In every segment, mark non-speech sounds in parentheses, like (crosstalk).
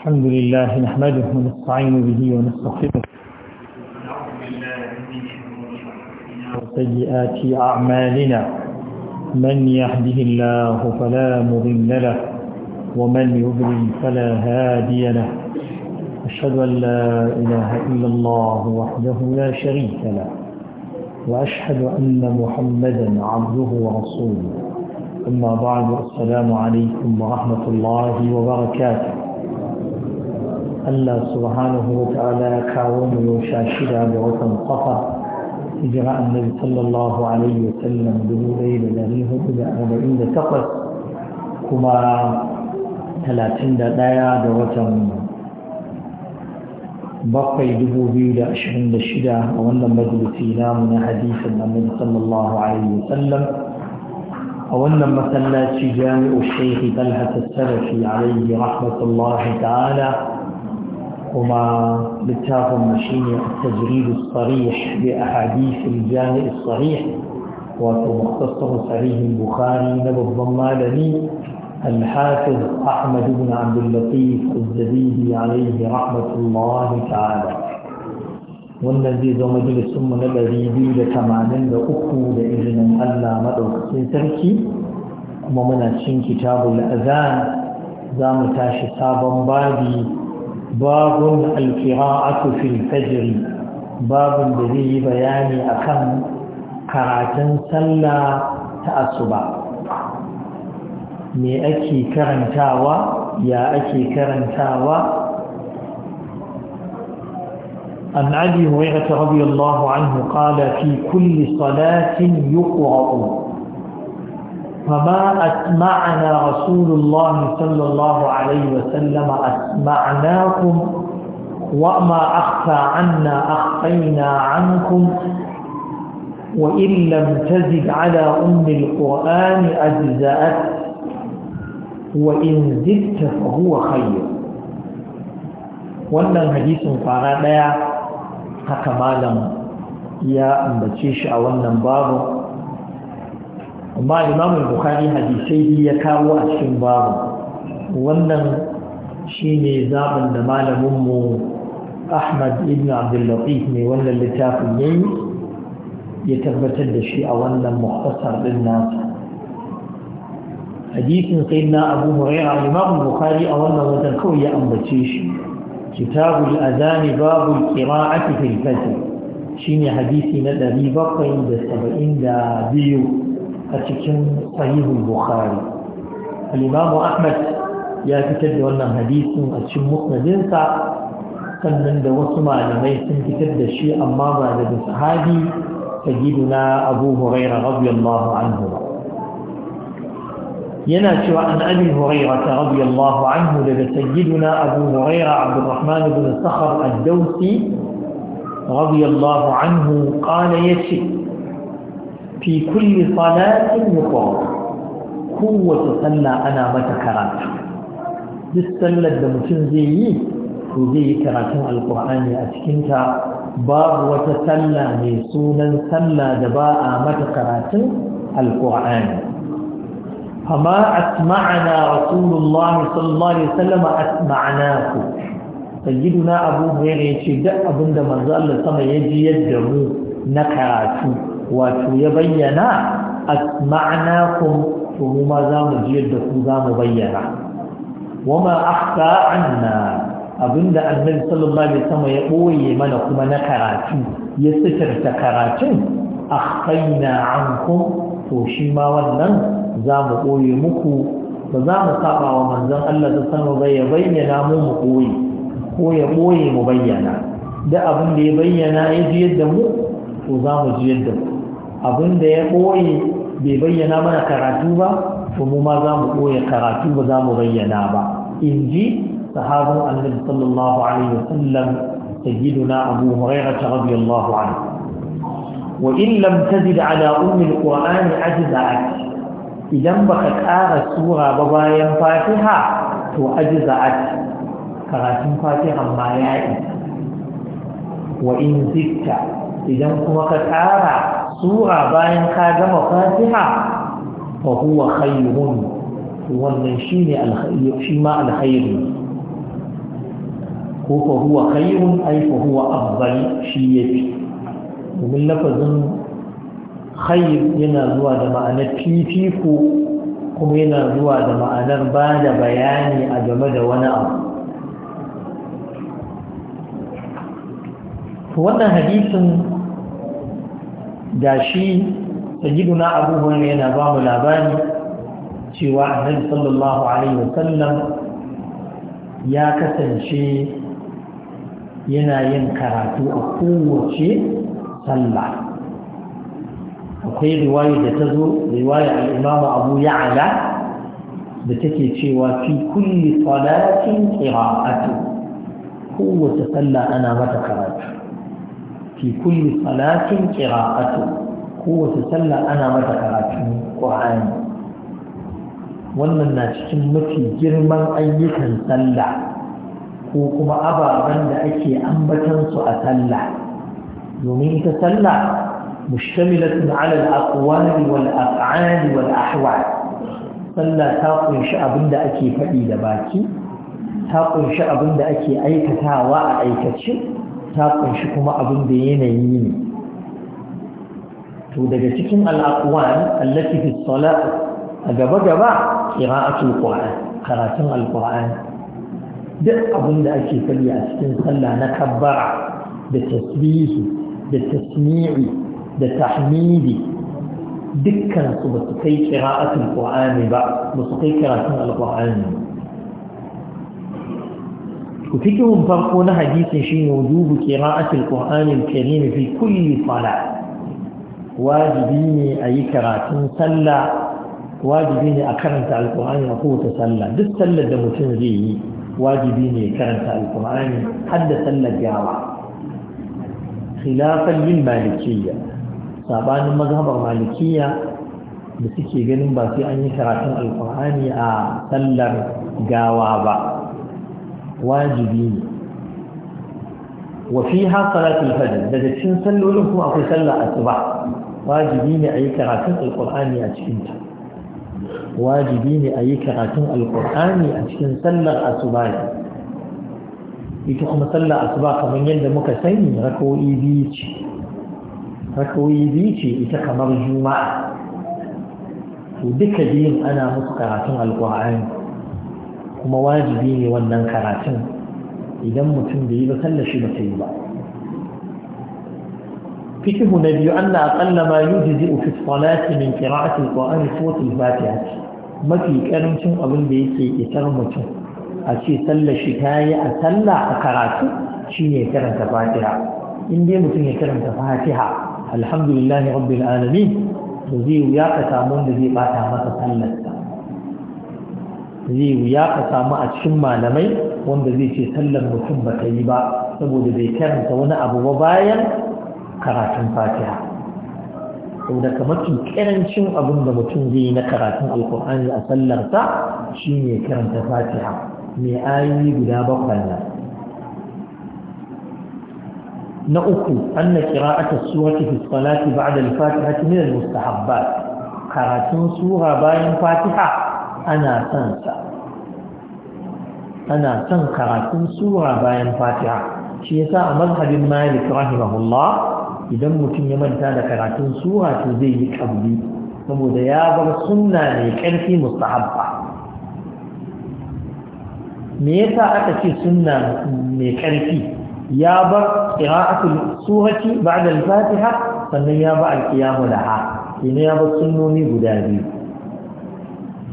الحمد لله نحمده ونستعين به ونستغفره وسيئات أعمالنا من يهده الله فلا مضل له ومن يضلل فلا هادي له أشهد أن لا إله إلا الله وحده لا شريك له وأشهد أن محمدا عبده ورسوله أما بعد السلام عليكم ورحمة الله وبركاته الله سبحانه وتعالى كاوم يشاشد بغطى القفا إجراء النبي صلى الله عليه وسلم به ليلة لريه إلى أربعين تقص كما ثلاثين دايا بغطى بقي دبو بيلا أشهر نشدا وأن مجلسينا من حديث النبي صلى الله عليه وسلم وأن مثلا جامع الشيخ طلحة السلفي عليه رحمة الله تعالى وما لتاهم مشين التجريد الصريح بأحاديث الجامع الصريح ومختصر صحيح البخاري نبو الضمالني الحافظ أحمد بن عبد اللطيف الزبيدي عليه رحمة الله تعالى والنبي ذو مجلس من الذي لتمانين لأكو لإذن ألا مدوك سنتركي ومن كتاب الأذان زام تاشي سابا بادي babun alkira'atu fil tajiri babun da zai yi bayani akan karatun sallah ta asuba me ake karantawa ya ake karantawa عن أبي هريرة رضي an عنه قال في كل صلاة يقرأ فما أسمعنا رسول الله صلى الله عليه وسلم أسمعناكم وما أخفى عنا أخفينا عنكم وإن لم تزد على أم القرآن أجزأت وإن زدت فهو خير wannan hadisin fara ɗaya haka malam ya ambace shi a wannan babu amma imam bukhari hadisai ya kawo a cikin babu wannan shine zaɓin da malaminmu ahmad ibn abdullatif ne wannan littafin yayi ya tabbatar da shi a wannan muhtasar din nasa hadisin sai na abu huraira imam bukhari a wannan wajen kawai ya ambace shi kitabul azani babu qira'ati fil fajr shine hadisi na 772 a cikin sahihul bukhari al-imamu ahmad ya fitar da wannan hadisin a cikin musnadinsa sannan da wasu malamai sun fitar da shi amma ba daga sahabi sayyiduna abu hurairah radiyallahu anhu ba yana cewa an abi huraira ta radiyallahu anhu daga sayyiduna abu huraira abdurrahman ibn sakhar ad-dawsi radiyallahu anhu qala yace fi kulli salatin yuqra kowace sallah ana mata karatu duk sallar da mutum zai yi to zai yi karatun alkur'ani a cikinta babu wata sallah mai sunan sallah da ba a mata karatun alkur'ani فما أسمعنا رسول الله صلى الله عليه وسلم أسمعناه سيدنا أبو هريرة يقول أبو دمان الله يجي يدعو نكراتو wato ya bayyana asma'nakum to mu ma za mu ji yadda ku za mu bayyana wama akhfa anna abinda annabi sallallahu alaihi ya boye mana kuma na karatu ya sitirta karatun akhfaina ankum to shi ma wannan za mu boye muku ba za mu saba wa manzon Allah ta sanu bai ya bayyana mu mu boye ko ya boye mu bayyana da abin da ya bayyana ya ji yadda mu to za mu ji yadda ku abinda ya ɓoye bai bayyana mana karatu ba to mu ma za mu ɓoye karatu ba za mu bayyana ba in ji sahabin annabi sallallahu alaihi wasallam sayyiduna abu hurairah radiyallahu anhu wa in lam tajid ala ummi alqur'ani ajza'at idan baka kara sura ba bayan fatiha to ajza'at karatun fatiha ma ya isa wa in zikta idan kuma ka kara. Su'a bayan ka gama fatiha fa huwa khayrun wannan shine alkhayr shi ma alkhayr ko fa huwa khayrun ay fa huwa afdal shi yafi domin lafazin khayr yana zuwa da ma'anar fifiko kuma yana zuwa da ma'anar ba da bayani a game da wani abu wannan hadisin da shi na abubuwan hurairu yana ba mu labari cewa annabi sallallahu alaihi wasallam ya kasance yana yin karatu a kowace sallah akwai riwaya da ta zo riwaya al'imamu abu ya'ala da take cewa fi kulli salatin qira'atu kowace sallah ana mata karatu fi kulli salatin qira'atu kowace sallah ana mata karatu qur'ani wannan na cikin mafi girman ayyukan sallah ko kuma ababen da ake ambatan su a sallah domin ita sallah mushtamilatun ala al-aqwali wal af'ali wal ahwal sallah ta kunshi abin da ake faɗi da baki ta kunshi abin da ake aikatawa a aikace ta kunshi kuma abin da yanayi ne to daga cikin al'aqwan allati fi sola a gaba gaba qira'atul qur'an karatun alqur'an duk abin da ake fali a cikin sallah na kabbara da tasbihi da tasmi'i da tahmidi dukkan su ba su kai qira'atul qur'ani ba ba su kai karatun alqur'ani ne fikihun farko na hadisin shine wujubu qira'atil qur'anil karim fi kulli salat wajibi ne a yi karatun sallah wajibi ne a karanta alkur'ani a kowace sallah duk sallar da mutum zai yi wajibi ne karanta alkur'ani har da sallar yawa khilafan yin malikiyya sabanin mazhabar malikiyya da suke ganin ba sai an yi karatun alkur'ani a sallar gawa ba wajibi ne wa fiha salatul fajr daga cikin sallolin kuma akwai sallar asuba wajibi ne a yi karatun alqur'ani a cikin ta wajibi ne a yi karatun alqur'ani a cikin sallar asuba ita kuma sallar asuba kamar yadda muka sani rakawoyi biyu ce rakawoyi biyu ce ita kamar juma'a to duka biyun ana musu karatun alqur'ani kuma wajibi ne wannan karatun idan mutum bai yi ba sallar ba ta yi ba fikihu na biyu an na akalla ma yi jizi ofis salati min kira'atul qur'ani suratul fatiha mafi karancin abin da yake itar mutum a ce sallar ta yi a talla a karatu shine karanta fatiha in dai mutum ya karanta fatiha alhamdulillahi rabbil alamin to zai ya ka samu da zai bata masa sallarsa zai wuya ka samu a cikin malamai wanda zai ce sallar mutum ba ta yi ba saboda bai karanta wani abu ba bayan karatun fatiha saboda kamar karancin abin da mutum zai yi na karatun alkur'ani a shi ne karanta fatiha mai ayoyi guda bakwai na uku anna qira'atu surati fi salati ba'da al-fatihati min al-mustahabbat karatun sura bayan fatiha ana sansa. sa ana son karatun sura bayan fatiha shi yasa a mazhabin malik rahimahullah idan mutum ya manta da karatun sura to zai yi kabli saboda ya bar sunna mai karfi mustahabba me yasa aka ce sunna mai karfi ya bar qira'atul surati ba'da al-fatiha sannan ya bar al-qiyamu laha kina ya bar sunnoni guda biyu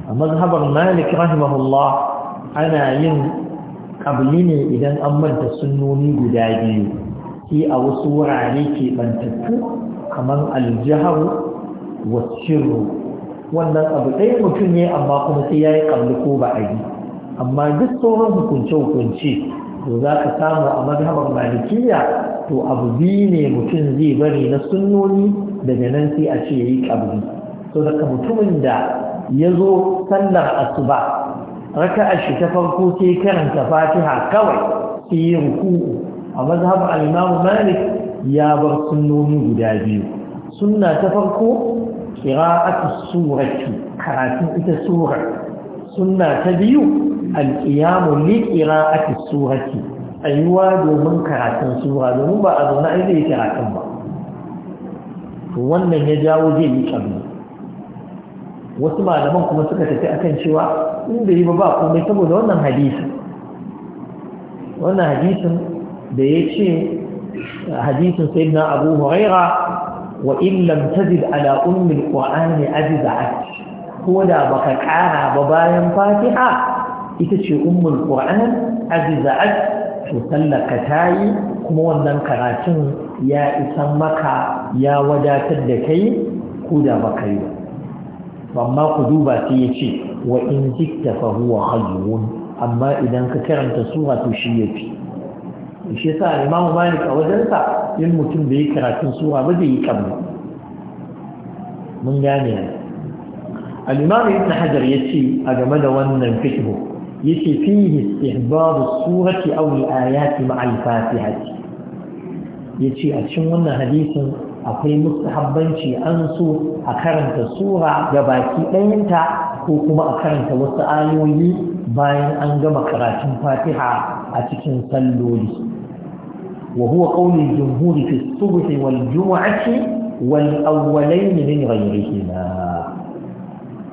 a mazhabar malik rahimahullah ana yin ƙabli ne idan an manta sunnoni guda biyu sai a wasu wurare ke bantattu kamar aljiharu wa wannan abu ɗaya mutum ne amma kuma sai ya yi ƙabli ko ba a yi amma duk sauran hukunce-hukunce to za ka samu a mazhabar malikiya to abu biyu ne mutum zai bari na sunnoni daga nan sai a ce ya yi ƙabli so daga mutumin da ya zo sallar asuba raka'ar shi ta farko sai karanta fatiha kawai sai yi ruku'u a mazhab al-imam malik ya bar sunnoni guda biyu sunna ta farko qira'atu surati karatun ita sura sunna ta biyu al-qiyam li qira'ati surati ayuwa domin karatun sura domin ba a zauna ai zai karatun ba wannan ya jawo zai yi kabila wasu malaman kuma suka tafi akan cewa in bai yi ba ba komai saboda wannan hadisi wannan hadisin da ya ce hadisin sai na abu huraira wa illam tajid ala ummi alqur'ani ajza'at ko da baka kara ba bayan fatiha ita ce ummul qur'an ajza'at to sallaka tayi kuma wannan karatun ya isan maka ya wadatar da kai ko da baka yi ba amma ku duba sai ya ce wa in jikta fa huwa khayrun amma idan ka karanta sura to shi yafi shi yasa Imam Malik a wajensa in mutum bai karatun sura ba zai yi kabba mun gane al-Imam Ibn Hajar yace a game da wannan fiqh yace fihi istihbab as-surati aw al-ayati ma'a al ya yace a cikin wannan hadisin akwai mustahabbanci an so a karanta sura ga baki ɗayanta ko kuma a karanta wasu ayoyi bayan an gama karatun fatiha a cikin salloli wa huwa qawli jumhuri fi subhi wal jumu'ati wal awwalayn min ghayrihima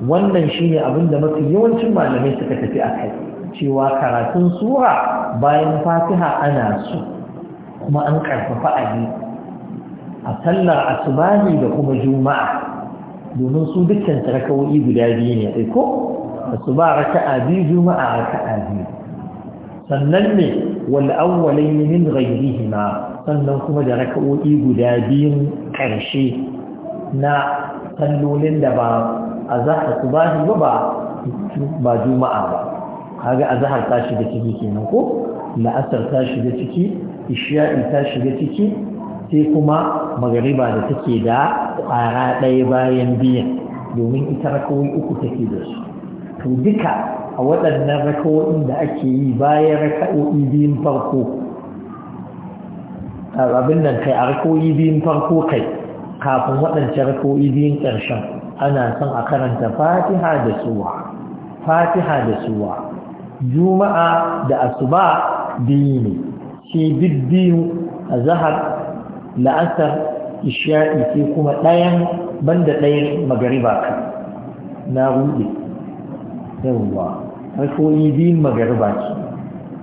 wannan shine abin da mafi yawancin malamai suka tafi akai cewa karatun sura bayan fatiha ana so kuma an karfafa a a sallar asubahi da kuma juma'a domin su dukkan rakawoyi guda biyu ne sai ko asuba raka'a biyu juma'a raka'a biyu sannan ne wal awwalayn min ghayrihima sannan kuma da raka'o'i guda biyun karshe na sallolin da ba a asubahi ba ba juma'a ba kaga azhar ta shiga ciki kenan ko la'asar ta shiga ciki isha'i ta shiga ciki sai kuma magariba da take da ƙara ɗaya bayan biyan domin ita rakawai uku take da su to duka a waɗannan rakawoyin da ake yi bayan rakawoyi biyun farko abin nan kai a rakawoyi biyun farko kai kafin waɗancan rakawoyi biyun ƙarshen ana son a karanta fatiha da suwa fatiha da suwa juma'a da asuba biyu ne sai duk biyu a zahar la'asar isha'i sai kuma ɗayan banda ɗayan magariba kan. na rude yawwa harkoyi biyun magariba ce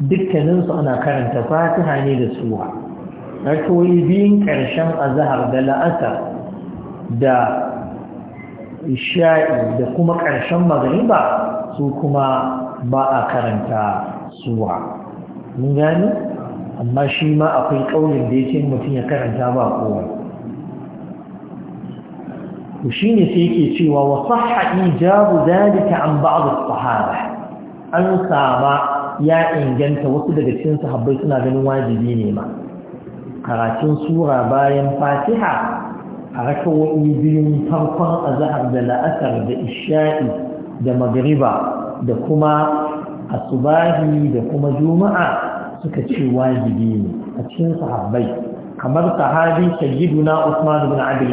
dukkaninsu ana karanta fatiha ne da suwa harkoyi biyun ƙarshen azahar da la'asar da isha'i da kuma ƙarshen magariba su kuma ba a karanta suwa mun gani amma shi ma akwai ƙaunin da yake mutum ya karanta ba kowa to shine sai yake cewa wa sahha ijabu zalika an ba'd as-sahaba an saba ya inganta wasu daga cikin sahabbai suna ganin wajibi ne ma karatun sura bayan fatiha a rakawoyi biyun farkon azhar da la'asar da isha'i da magriba da kuma asubahi da kuma juma'a suka ce wajibi ne a cikin sahabbai kamar sahabi sayyiduna Usman ibn Abi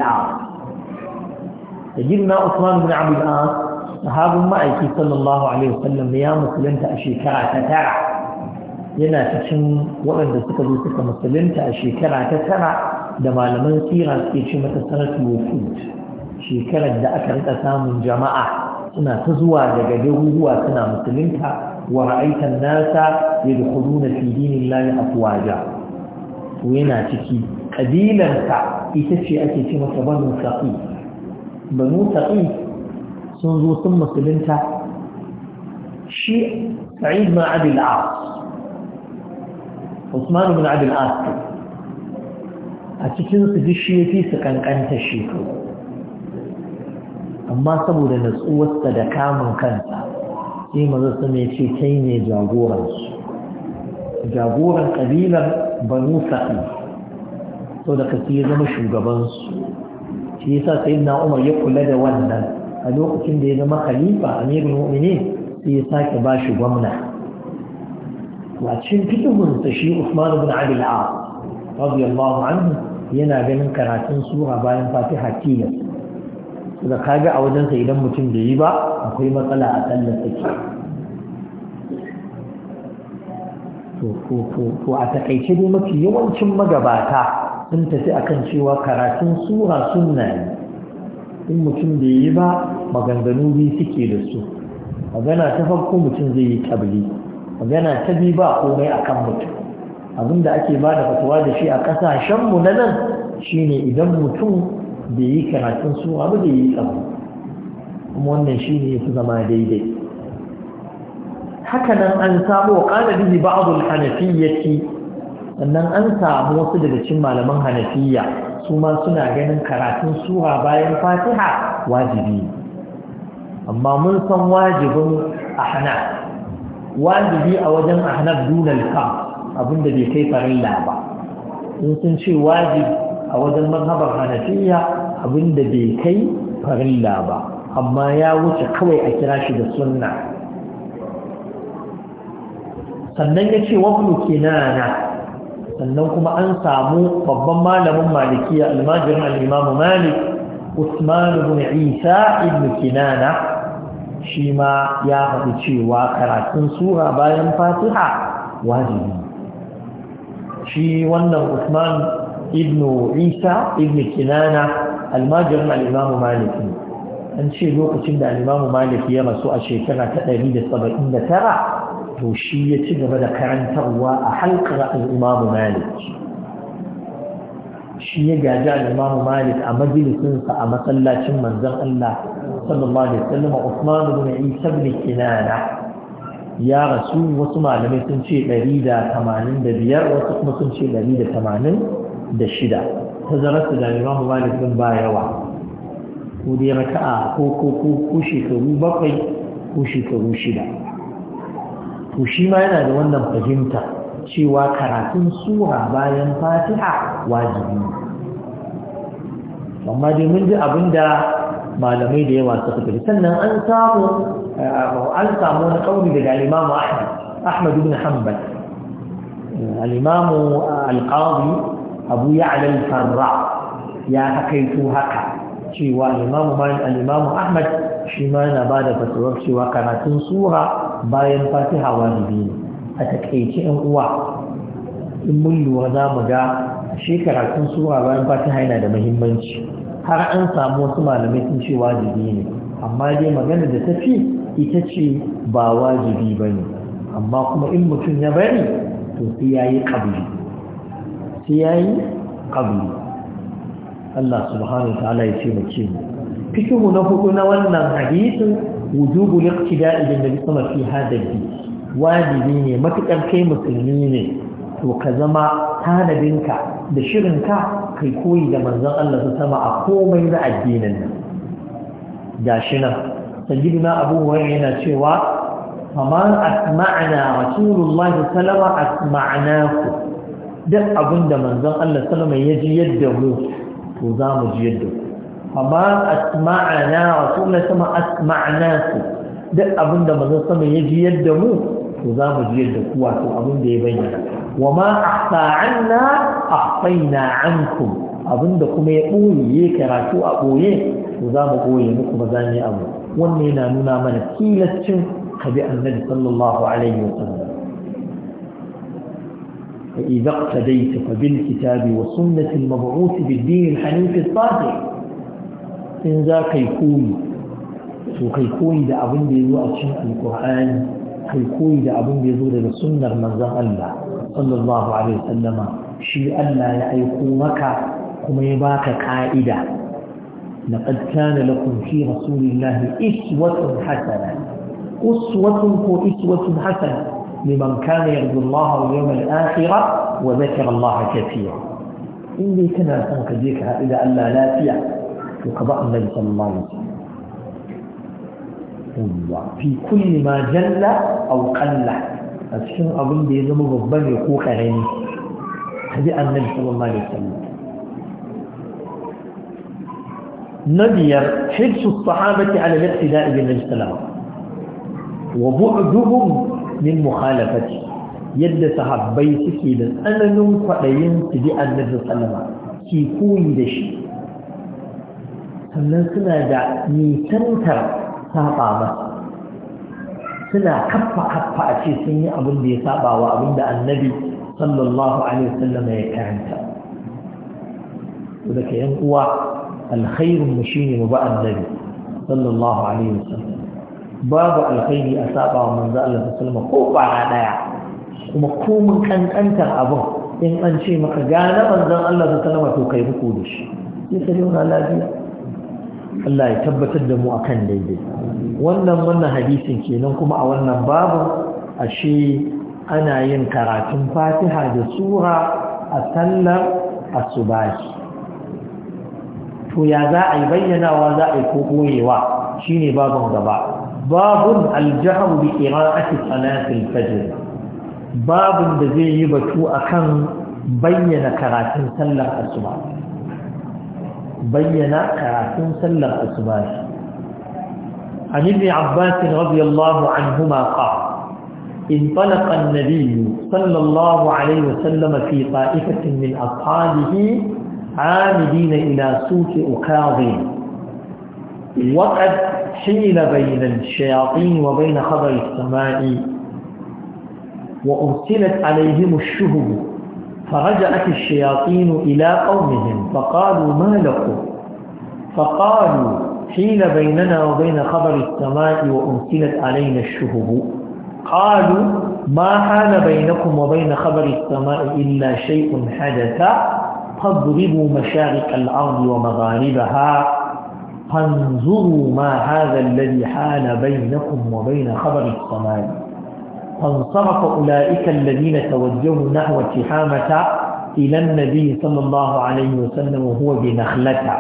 sayyiduna Usman ibn Abi al-As sahabin ma'aiki sallallahu alaihi wasallam ya musulunta a shekara ta tara yana cikin waɗanda suka zo suka musulunta a shekara ta tara da malaman sira suke ce mata sanatu wufud shekarar da aka rika samun jama'a suna ta zuwa daga garuruwa suna musulunta ورأيت الناس يدخلون في دين الله أفواجا وينا تكي قبيلا إتشي أكي في مصبان سقي بنو سقي سنزو ثم سلنتا شيء سعيد ما عبد العاص عثمان بن عبد العاص أتكين سجشي في سكان كانت الشيخ amma saboda natsuwarsa da kamun kansa sai maza su ne ce kai ne jagoransu jagoran kabilar banu sa'i sau da kasi ya zama shugabansu shi yasa sai na umar ya kula da wannan a lokacin da ya zama khalifa amirul mu'minin sai ya sake ba shi gwamna a cikin fitihunsa shi usman ibn abil a radiyallahu anhu yana ganin karatun sura bayan fatiha tilas da kaga a wajensa idan mutum bai yi ba akwai matsala a tsallar take to a takaice dai mafi yawancin magabata sun tafi kan cewa karatun sura sunna ne in mutum da yi ba maganganu biyu suke da su magana ta farko mutum zai yi tabli magana ta biyu ba komai a kan mutum abin da ake ba da fatawa da shi a kasashenmu na nan shine idan mutum bai yi karatun sura ba bai yi tabli kuma wannan shi ne su zama daidai hakanan an samu wa ƙana bihi ba'adul hanafiyyati sannan an samu wasu daga cin malaman hanafiya su ma suna ganin karatun sura bayan fatiha wajibi amma mun san wajibin ahna wajibi a wajen ahnaf dunal kam abinda bai kai farilla ba sun ce wajibi a wajen mazhabar hanafiya abinda bai kai farilla ba amma ya wuce kawai a kira shi da sunna sannan ya ce wabnu kinana sannan kuma an samu babban malamin malikiya almajirin al'imamu malik usman bin isa ibn kinana shi ma ya faɗi cewa karatun sura bayan fatiha wajibi shi wannan usman ibn isa ibn kinana almajirin al'imamu maliki an ce lokacin da alimamu malik ya rasu a shekara ta ɗari da saba'in da tara to shi ya ci gaba da karantarwa a halkar alimamu malik shi ya gaji alimamu malik a majalisinsa a masallacin manzon allah sallallahu alaihi wasallam usman ibn isa ibn kinana ya rasu wasu malamai sun ce ɗari da tamanin da biyar wasu kuma sun ce ɗari da tamanin da shida tazararsa da alimamu malik ɗin ba yawa ko dai raka'a ko ko ko ko shekaru bakwai ko shekaru shida to shi ma yana da wannan fahimta cewa karatun sura bayan fatiha wajibi amma dai mun ji abinda malamai da yawa suka tafi sannan an samu an samu wani kauli daga Imam Ahmad Ahmad ibn Hanbal al al Abu Ya'la al-Farra ya hakaito haka cewa imamu malik al ahmad shi ma yana ba da fatuwar cewa karatun sura bayan fatiha wajibi ne a takaice yan uwa in mun lura za mu ga shi karatun sura bayan fatiha yana da muhimmanci har an samu wasu malamai sun ce wajibi ne amma dai magana da ta fi ita ce ba wajibi ba ne amma kuma in mutum ya bari to sai ya yi ƙabili, sai ya yi ƙabili. Allah subhanahu wa ya ce mace mu fikihu na hudu na wannan hadisin wujubu liqtida'i bin nabi sama fi hadadi wajibi ne matukar kai musulmi ne to ka zama tanadinka da shirinka kai koyi da manzon Allah ta sama a komai na addinin nan gashi nan sayyidina Abu yana cewa faman asma'na rasulullahi sallallahu alaihi wasallam asma'naku duk abinda manzon Allah sallallahu alaihi wasallam ya ji yadda mu to za mu ji yadda ku amma asma'ana rasulullah sama asma'ana su duk abin da manzon sama ya ji yadda mu to za mu ji yadda ku wato abin da ya bayyana wa ma ahsa'anna ahsayna ankum abin da kuma ya boye karatu a boye to za mu boye muku ba za mu yi abu wannan yana nuna mana kilacin kabi annabi sallallahu alaihi wa sallam فإذا اقتديت فبالكتاب والسنة المبعوث بالدين الحنيف الطاهر إن ذا كيكون وكيكون إذا أبن بيزو أتشن القرآن كيكون إذا أبن بيزو للسنة من ذا الله صلى الله عليه وسلم شيء ألا يأيقومك كما يباك قائدة لقد كان لكم في رسول الله إسوة حسنة أسوة وإسوة حسنة لمن كان يرجو الله واليوم الآخرة وذكر الله كثيرا إني لي كنا سنك ديك إلى أن لا في وقضاء النبي صلى الله عليه وسلم في كل ما جل أو قل أشكن أظن دي زمو غبان عيني غيني هذه النبي صلى الله عليه وسلم نبي حرص الصحابة على الاقتداء بالنبي صلى الله عليه وسلم وبعدهم min ce yadda sahabbai suke da tsananin kwaɗayin su bi annabi sallama ki koyi da shi sannan suna da nisantar saba masa suna kaffa kaffa a ce sun yi abin da ya saba wa abin da annabi sallallahu alaihi wasallam ya karanta to da yan uwa alkhairun mu shine mu ba annabi sallallahu alaihi wasallam babu alkhairi a saba wa manzo Allah sallama ko kwana daya kuma ko mun kankantar abin in an ce maka gane manzon Allah sallama to kai muku da shi sai sai wannan lafiya Allah ya tabbatar da mu akan daidai wannan wannan hadisin kenan kuma a wannan babu ashe ana yin karatun Fatiha da sura a sallar asubahi to ya za a yi bayyanawa za a yi ko koyewa shine babun gaba babun aljahu bi qira'ati salati al babun da zai yi batu akan bayyana karatun sallar asuba bayyana karatun sallar asuba عن ابن عباس رضي الله عنهما قال انطلق النبي صلى الله عليه وسلم في طائفة من أصحابه عامدين إلى سوق أكاظم وقد حيل بين الشياطين وبين خبر السماء وأرسلت عليهم الشهب فرجعت الشياطين إلى قومهم فقالوا ما لكم فقالوا حيل بيننا وبين خبر السماء وأرسلت علينا الشهب قالوا ما حال بينكم وبين خبر السماء إلا شيء حدث فاضربوا مشارق الأرض ومغاربها فانظروا ما هذا الذي حال بينكم وبين خبر الصمال فانصرف أولئك الذين توجهوا نحو التحامة إلى النبي صلى الله عليه وسلم وهو بنخلته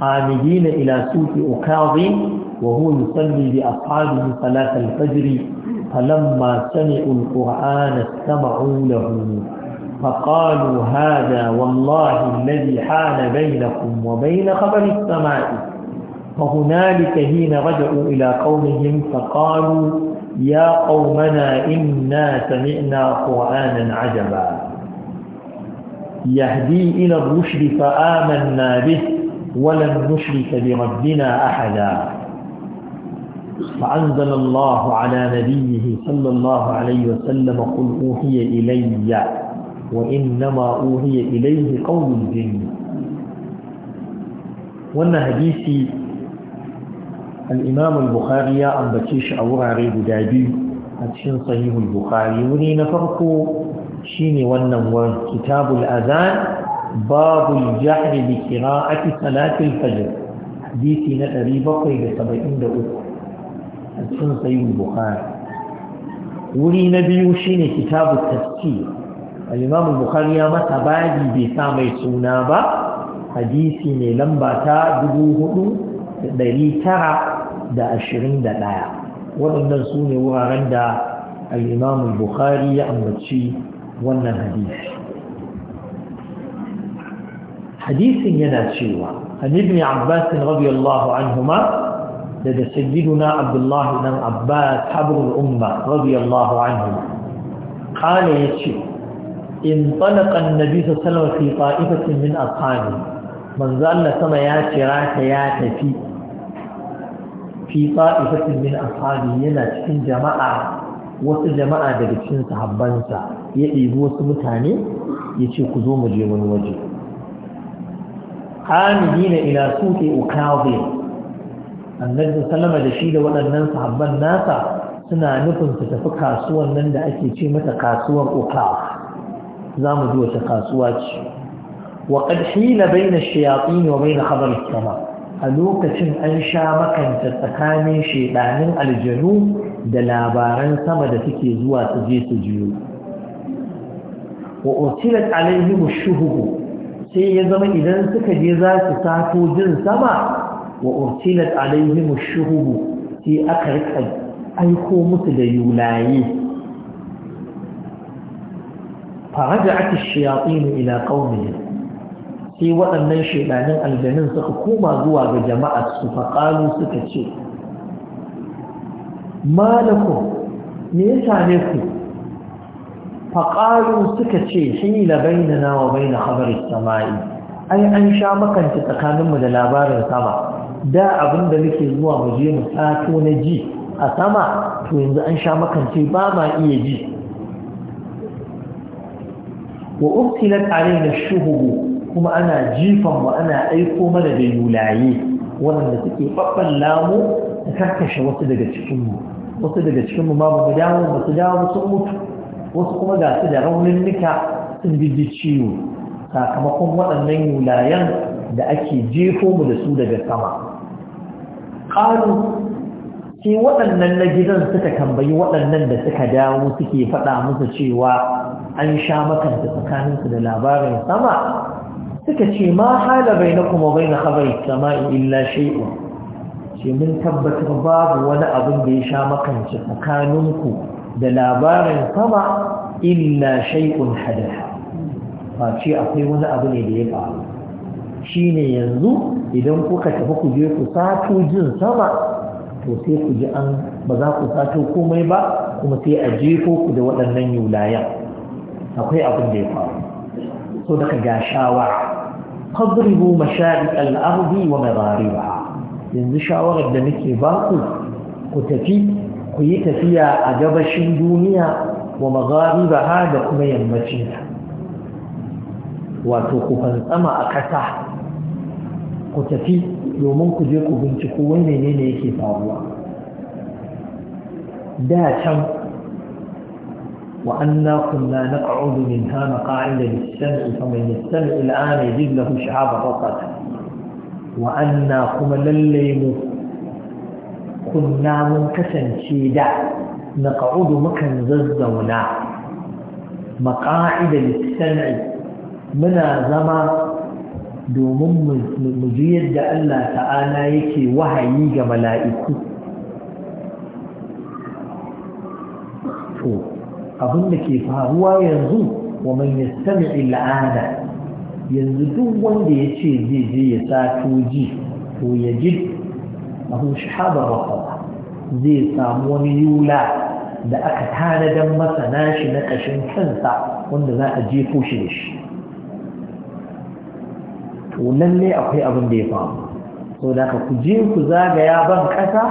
عامدين إلى سوق أكاظ وهو يصلي بأصحابه صلاة الفجر فلما سمعوا القرآن استمعوا له فقالوا هذا والله الذي حال بينكم وبين خبر السماء فهنالك حين رجعوا إلى قومهم فقالوا يا قومنا إنا سمعنا قرآنا عجبا يهدي إلى الرشد فآمنا به ولن نشرك بربنا أحدا فأنزل الله على نبيه صلى الله عليه وسلم قل أوحي إلي وإنما أوحي إليه قول الجن وأن حديثي الإمام البخاري يا أنبتيش أوراري بدابي أتشن صحيح البخاري ولينا نفرق شيني ونن كتاب الأذان باب الجحر بقراءة صلاة الفجر حديثنا نأري بقي سبعين دقيقة أتشن صحيح البخاري ولينا نبي شيني كتاب التفسير الإمام البخاري ما تبادي بسامي سونابا حديثي لمبا تا دبوه 900 da ashirin da ɗaya waɗannan su ne wuraren da al'imamu bukhari ya ambaci wannan hadisi hadisin yana cewa an ibn abbas radiyallahu anhuma daga sayyiduna abdullah dan abbas habrul umma radiyallahu anhu qala ce in talaqa an-nabi sallallahu alaihi wasallam min a manzo Allah sama ya kira ta ya tafi fi ta'ifatin min ashabi yana cikin jama'a wasu jama'a daga cikin sahabbansa ya ɗibi wasu mutane ya ce ku zo mu je wani waje hamidina ila suke ukabe annabi Salama da shi da waɗannan sahabban nasa suna nufin su tafi kasuwan nan da ake ce mata kasuwar ukawa za mu ji wata kasuwa ce wa qad bai na ash ne wa bayna khabar as-sama a lokacin an sha makanta tsakanin shedanin aljanu da labaran sama da suke zuwa su je su jiyo wa usilat alaihim shuhubu sai ya zama idan suka je za su sato jin sama wa usilat alaihim shuhubu sai aka rika aiko musu da yulaye فرجعت الشياطين إلى قومهم sai waɗannan shaidanin aljanin suka koma zuwa ga jama'a su faƙalu suka ce malakun me ya same ku faƙalu suka ce hila bainana nawa baina habari sama'i ai an sha makanta tsakaninmu da labarin sama da abin da muke zuwa mu mu sato na ji a sama to yanzu an sha makanci ba ma iya ji wa uftilat na shuhubu kuma ana jifan mu ana aiko mana da yulaye waɗanda suke babban lamu da karkashe wasu daga cikinmu wasu daga cikinmu ma mu dawo ba su dawo sun mutu wasu kuma ga su da raunin nika sun jijji ciwo sakamakon waɗannan yulayen da ake jefo mu da su daga sama ƙalu sai waɗannan na gidan suka tambayi waɗannan da suka dawo suke faɗa musu cewa an sha makanta tsakaninsu da labarin sama suka ce ma hala na kuma bai na habai sama'i illa shai'u ce mun tabbatar babu wani abin da ya sha makanci tsakaninku da labarin sama illa shai'un hadasa ba ce akwai wani abu ne da ya faru shi ne yanzu idan kuka tafi ku je ku sato jin sama to sai ku ji an ba za ku sato komai ba kuma sai a jefo ku da waɗannan yulayen akwai abin da ya faru so daga ga shawara fadribu masharik al-ardi wa magharibaha yanzu shawarar da nake ba ku ku tafi ku yi tafiya a gabashin duniya wa magharibaha da kuma yammacin wato ku fantsama a ƙasa ku tafi domin ku je ku binciko wani ne yake faruwa da can وأنا كنا نقعد منها مقاعد للسمع فمن يستمع الآن يجد له شعاب الرقد وأنا كما لليم كنا منكسا شيدا نقعد مكان ززونا مقاعد للسمع منا زما domin mu ji yadda Allah ta'ala yake wahayi ga mala'iku to abin da ke faruwa yanzu wa man yastami al'ana yanzu duk wanda ya ce zai je ya sato ji ko ya ji abu shahaba zai samu wani yula da aka tanadan masa nashi na kashin kansa wanda za a jefo shi da shi to lalle akwai abin da ya faru so da ka ku je ku zagaya ban ƙasa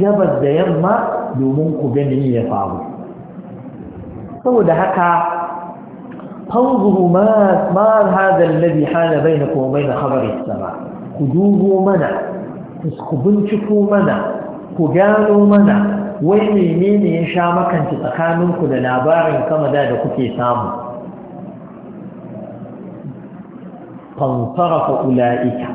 gabas da yamma domin ku gani ya faru saboda haka fanzuru ma hada alladhi hala bainakum wa bain khabari as-sama ku mana ku binciko mana ku gano mana wai menene ya sha makanci tsakaninku da labarin kama da da kuke samu fanfarafa ulaiika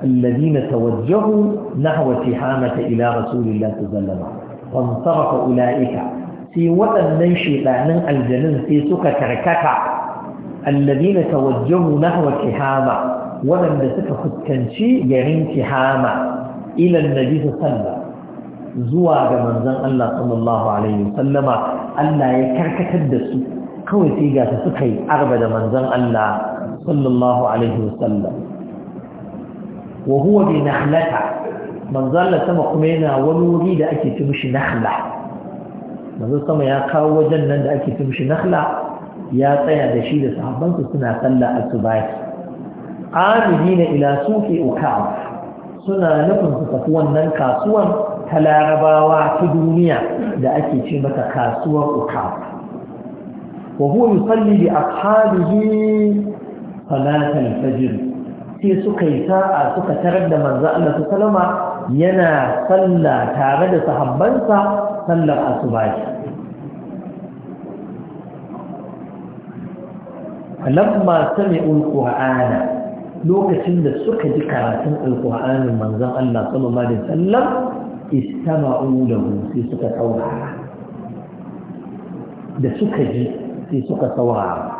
alladhina tawajjahu nahwa tihamati ila rasulillahi sallallahu alaihi wasallam fanfarafa ulaiika sai waɗannan shedanin aljanun sai suka karkata alladina tawajjahu hawa kihama waɗanda suka fuskanci garin kihama ila annabi sallah. zuwa ga manzan Allah sallallahu alaihi Sallama, Allah ya karkatar da su kawai sai ga su suka yi arba da manzan Allah sallallahu alaihi Sallam. wa huwa bi nahlata manzon Allah sama kuma yana wani wuri da ake ci mishi nahla manzo sama ya kawo wajen nan da ake tumshi nakhla ya tsaya da shi da sahabbansa suna sallah asubahi na ila suqi ukaw suna nufin su tafi wannan kasuwan ta larabawa ta duniya da ake ce mata kasuwar ukaw wa huwa yusalli bi ashabihi salatal fajr sai suka yi sa'a suka tarar da manzo Allah sallama yana sallah tare da sahabbansa sallar asubahi lamma sami'ul qur'ana lokacin da suka ji karatun alqur'anin manzon Allah sallallahu alaihi wasallam istama'u lahu sai suka saurara da suka ji sai suka saurara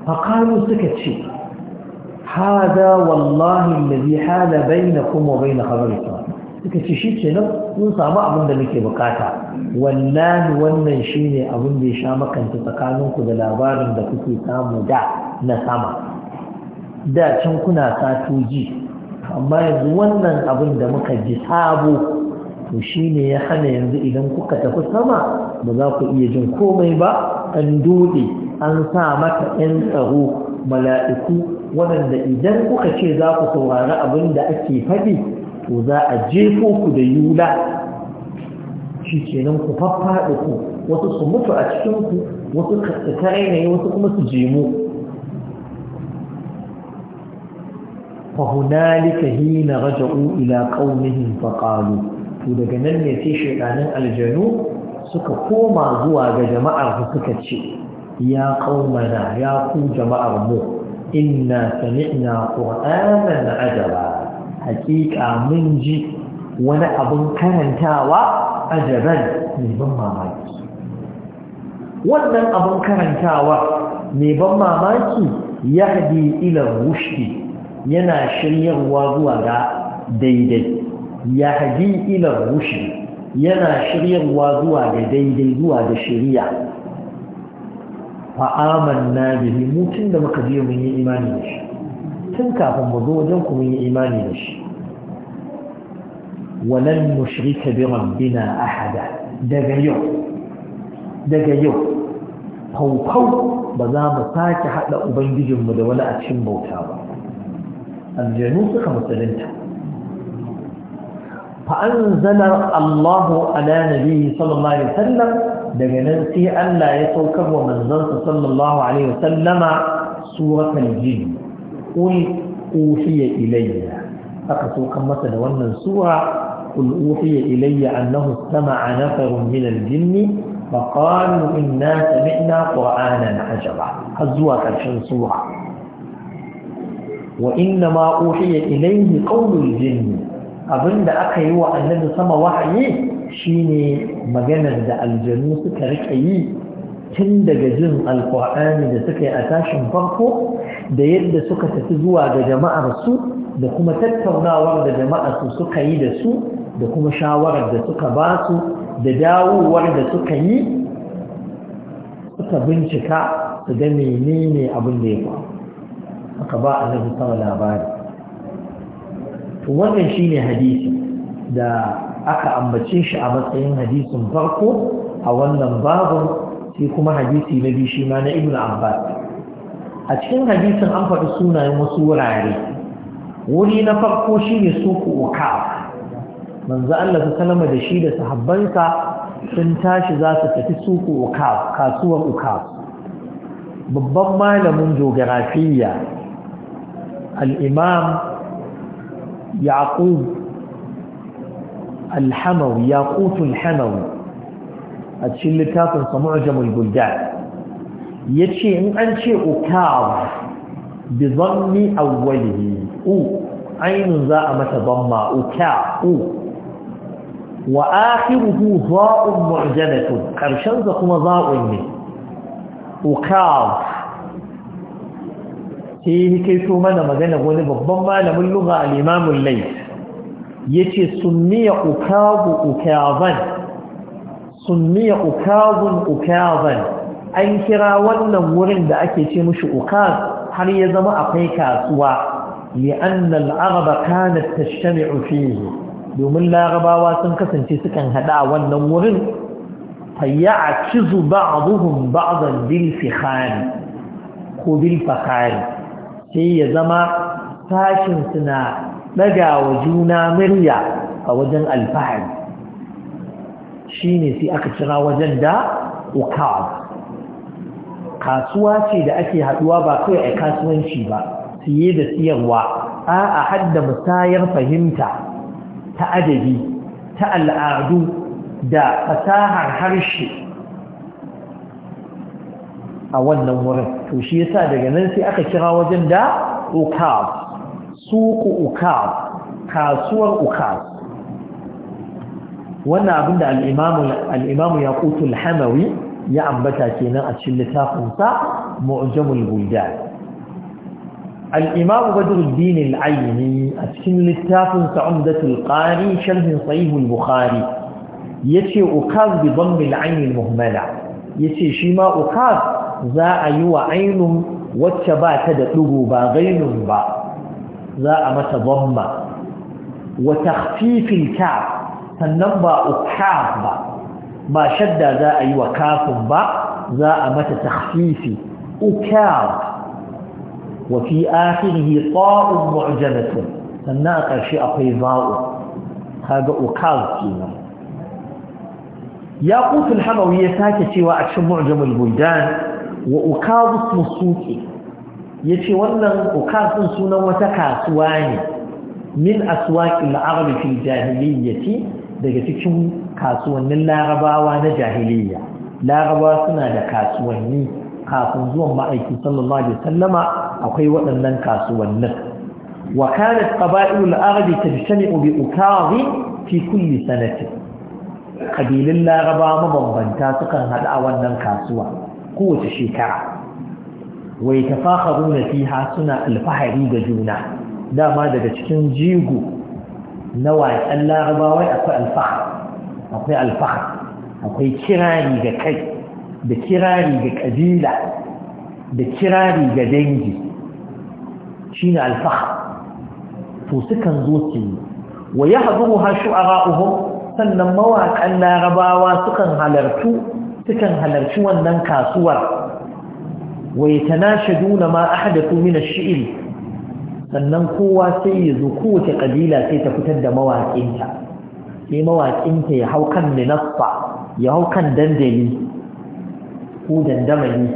فقالوا سكتشي هذا والله الذي حال بينكم وبين خبركم suka ce shi ke nan sun samu abin da muke bukata wallahi wannan shi ne abin da ya sha makanta tsakaninku da labarin da kuke samu da na sama da can kuna sato ji amma yanzu wannan abin da muka ji sabo to shi ne ya hana yanzu idan kuka tafi sama ba za ku iya jin komai ba an dole an sa mata 'yan tsaro mala'iku waɗanda idan kuka ce za ku saurari abin da ake faɗi to za a jefo ku da yula shi kenan ku faffaɗa ku wasu su mutu a cikin wasu su karainaye wasu kuma su jemu فهنالك hina رجعوا ƙaunihin قومهم to daga nan ne sai shedanin aljanu suka koma zuwa ga jama'ar suka ce ya qaumana ya ku jama'ar mu inna sami'na qur'anan ajaba hakika mun ji wani abin karantawa a jaban mai ban mamaki wannan abin karantawa mai ban mamaki ya haɗe ilar rushdi yana shiryarwa zuwa ga daidai ya haɗe ilar rushdi yana shiryarwa zuwa ga daidai zuwa da shirya fa'aman na bihi mutum da muka je mun yi imani da shi tun kafin mu zo wajen ku mun yi imani da shi walan nushrika bi rabbina ahada daga yau daga yau faufau ba za mu sake haɗa ubangijinmu da wani a cikin bauta ba aljanu suka musulunta fa'anzala Allahu ala sallallahu alaihi wasallam daga nan sai Allah ya saukar wa manzansa sallallahu alaihi wasallama suratul jin قل أوحي إلي أقصوك مثلا وأن سورة قل أوحي إلي أنه استمع نفر من الجن فقالوا إنا سمعنا قرآنا عجبا هزوا كرشن سورة وإنما أوحي إليه قول الجن أبن دا أكي وأنه سما وحي شيني مجنة دا الجنو سكرك أي تندق جن القرآن دا سكي أتاشن فرقه da yadda suka tafi zuwa ga jama'ar su da kuma tattaunawar da jama'ar su suka yi da su da kuma shawarar da suka ba su da dawowar da suka yi suka bincika su ga menene abin da ya faru aka ba annabi sama labari to wannan shine hadisi da aka ambace shi a matsayin hadisin farko a wannan babu sai kuma hadisi na biyu shima ma na ibnu abbas a cikin hadisin an faɗi sunayen wasu wurare wuri na farko shi ne suku uka Manza Allah ta kalama da shi da sahabbansa sun tashi za su tafi suku uka kasuwar uka babban malamin geografiya al-imam yaqub al-hamawi a cikin littafin sa mu'jamul buldan yace in an ce ukab bi zanni awwalihi u ainun za a mata zamma uka u wa akhiruhu za'un mu'jalatun karshen sa kuma za'un ne ukab sai kai so mana magana wani babban malamin lugha al-imam al-layth yace sunniya ukabu ukaban sunniya ukabun ukaban an kira wannan wurin da ake ce mushi ukaz har ya zama akwai kasuwa li'anna al-arab kanat tajtami'u fihi domin larabawa sun kasance sukan hada a wannan wurin fayya'kizu ba'dhum ba'dan bil fikhari ko bil fakhari sai ya zama sashin suna daga wa juna murya a wajen alfahari shine sai aka kira wajen da ukaz kasuwa ce da ake haduwa ba kawai a kasuwanci ba siye da siyarwa a a hadda musayar fahimta ta adabi ta al'adu da fasahar harshe a wannan wurin to shi yasa daga nan sai aka kira wajen da ukab suku ukab kasuwar ukab wannan abinda al ya kutu imamu ya ambata kenan a cikin littafinsa mu'jamul buldan al-imam badruddin al a cikin littafin sa umdatul qari sharhin sahih al-bukhari yace ukaz bi dhamm al-ain al-muhmala yace shi ma ukaz za a yi wa ainun wacce ba ta da dugu ba gainun ba za a mata dhamma wa takhfif al-ka sannan ba ukaz ba ba shadda za a yi wa kafin ba za a mata takhfifi ukar wa fi akhirihi ta'un mu'jamatun sannan a ƙarshe akwai za'u kaga ukar kenan ya qutul hamawi ya sake cewa a cikin mu'jamul buldan wa ukar ismu suqi yace wannan ukar din sunan wata kasuwa ne min aswaqil arab fi jahiliyyati daga cikin kasuwannin larabawa na jahiliya larabawa suna da kasuwanni kafin zuwan ma'aiki sallallahu alaihi akwai waɗannan kasuwannin wa kanat qaba'ilul ardi tajtami'u bi ukazi fi kulli sanati kabilun laraba mabambanta sukan hada a wannan kasuwa kowace shekara wai tafakharuna fiha suna alfahari ga juna dama daga cikin jigo na waƙen larabawai akwai alfahar akwai alfahar akwai kirari ga kai da kirari ga kabila, da kirari ga dangi shi ne alfahar to sukan zo su yi wa ya haɗu ha shu'ara'uhum sannan mawaƙan larabawa sukan halartu sukan halarci wannan kasuwar wa yatanashaduna ma ahdathu min shi'il sannan kowa sai ya zo kowace ƙabila sai ta fitar da mawaƙinta sai mawaƙinta ya hau kan minasfa ya hau kan dandali ko dandamali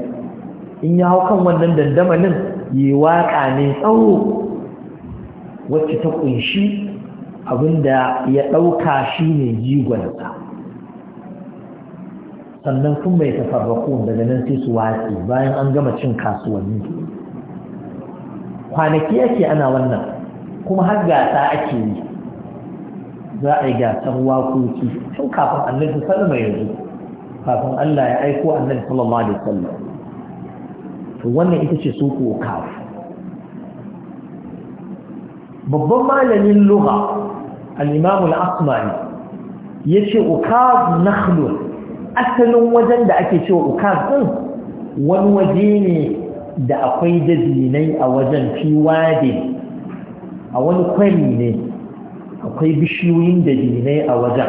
in ya hau kan wannan dandamalin ya yi waƙa mai tsawo wacce ta ƙunshi abinda ya ɗauka shi ne jigonsa sannan sun mai tafarraku daga nan sai su watsi bayan an gama cin kasuwanni kwanaki ake ana wannan kuma har gasa ake yi za a yi gasar wakoki tun kafin annabi sallama ya zo kafin Allah ya aiko annabi sallallahu alaihi wasallam to wannan ita ce suku kaf babban malamin lugha al-imam al-asmani yace ukaz nakhlun asalin wajen da ake cewa ukaz din wani waje ne da akwai dazinai a wajen fi a wani kwari ne akwai bishiyoyin dazinai a wajen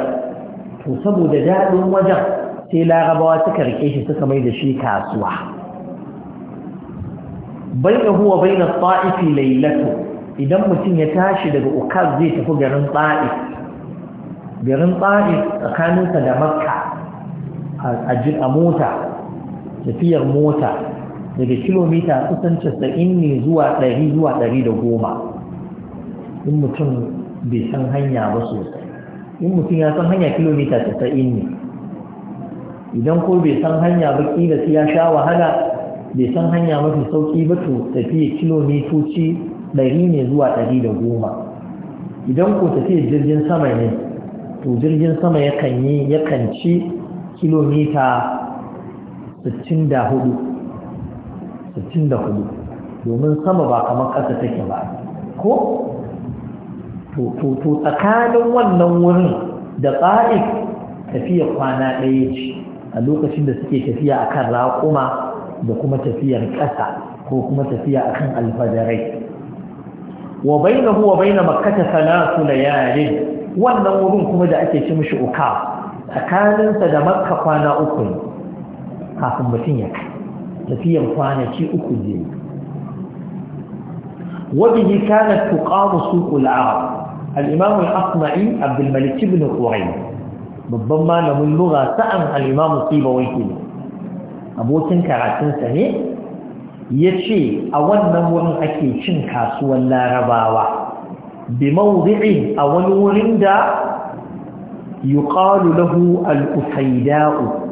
to saboda daɗin wajen sai larabawa suka rike shi suka mai da shi kasuwa bai da huwa bai na tsa'ifi lailatu idan mutum ya tashi daga ukaz zai tafi garin tsa'if garin tsa'if tsakaninsa da makka a mota tafiyar mota daga kilomita kusan 90 ne zuwa 100 zuwa 110 in mutum bai san hanya ba sosai in mutum ya san hanya kilomita 90 ne idan ko bai san hanya ba kila sai ya sha wahala bai san hanya mafi sauki ba to tafiya kilomitoci 100 ne zuwa 110 idan ko tafiya jirgin sama ne to jirgin sama yakan yi yakan ci kilomita 64 64 domin sama ba kamar ƙasa take ba ko to tsakanin wannan wurin da ƙa'ik tafiya kwana ɗaya ce a lokacin da suke tafiya akan raƙuma da kuma tafiyar ƙasa ko kuma tafiya akan alfadarai wa bainahu wa bain makkah salatu layalin wannan wurin kuma da ake ci mishi uka tsakaninsa da makka kwana uku kafin mutum ya kai tafiyan kwanaki uku je wabihi kanat tuqamu suqul arab al-imam al-asma'i abd al babban malamin lura sa'an al-imam sibawai ne abokin karatunsa ne. Ya ce a wannan wurin ake cin kasuwan larabawa bi mawdi'in a wani wurin da yuƙalu lahu al usaida'u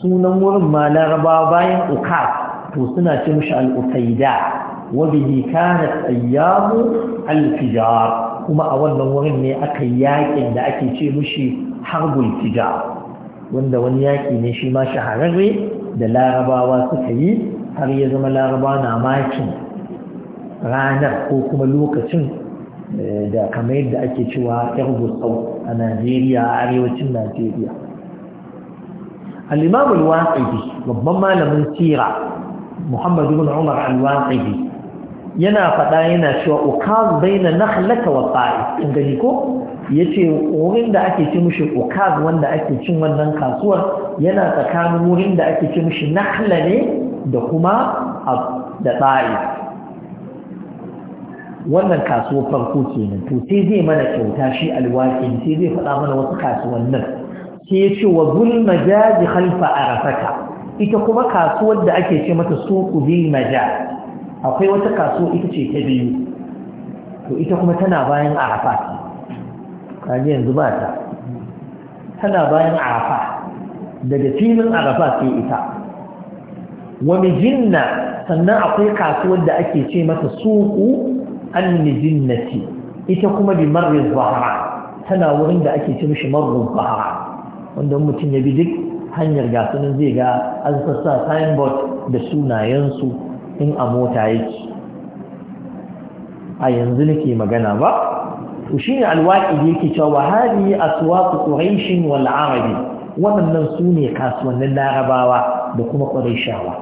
sunan wurin ma laraba bayan uka to suna ce mishi al'usaida wabihi kanat ayyamu alfijar kuma a wannan wurin ne aka yakin da ake ce mishi harbul fijar wanda wani yaki ne shi ma shahararre da larabawa suka yi har ya zama laraba na makin ranar ko kuma lokacin eh, da kamar yadda ake cewa yar gusau a najeriya a arewacin najeriya al-imam babban malamin sira muhammad ibn umar al-waqidi yana faɗa yana cewa ukaz baina nakhlaka wa ta'i in gani ko yace wurin da ake ci mushi wanda ake cin wannan kasuwar yana tsakanin wurin da ake ci mushi nakhla ne da kuma da ta'i wannan kasuwar farko kenan to sai zai mana kyauta shi alwaƙin sai zai faɗa mana wasu kasuwannin sai ya ce wa zul majaji khalfa arafata ita kuma kasuwar da ake ce mata suku bil majaj akwai wata kasuwa ita ce ta biyu to ita kuma tana bayan arafat kaji yanzu ba ta tana bayan arafa daga filin arafa sai ita wa mijinna sannan akwai kasuwar da ake ce mata suku an mijinnati ita kuma bi marrin zahara tana wurin da ake ce mishi marrin zahara wanda mutum ya bi duk hanyar gasunan zai ga an sassa signboard da sunayensu in a mota yake a yanzu nake magana ba to shi ne alwaƙi yake cewa hadi aswaq quraish wal arabi wannan su ne kasuwannin larabawa da kuma quraishawa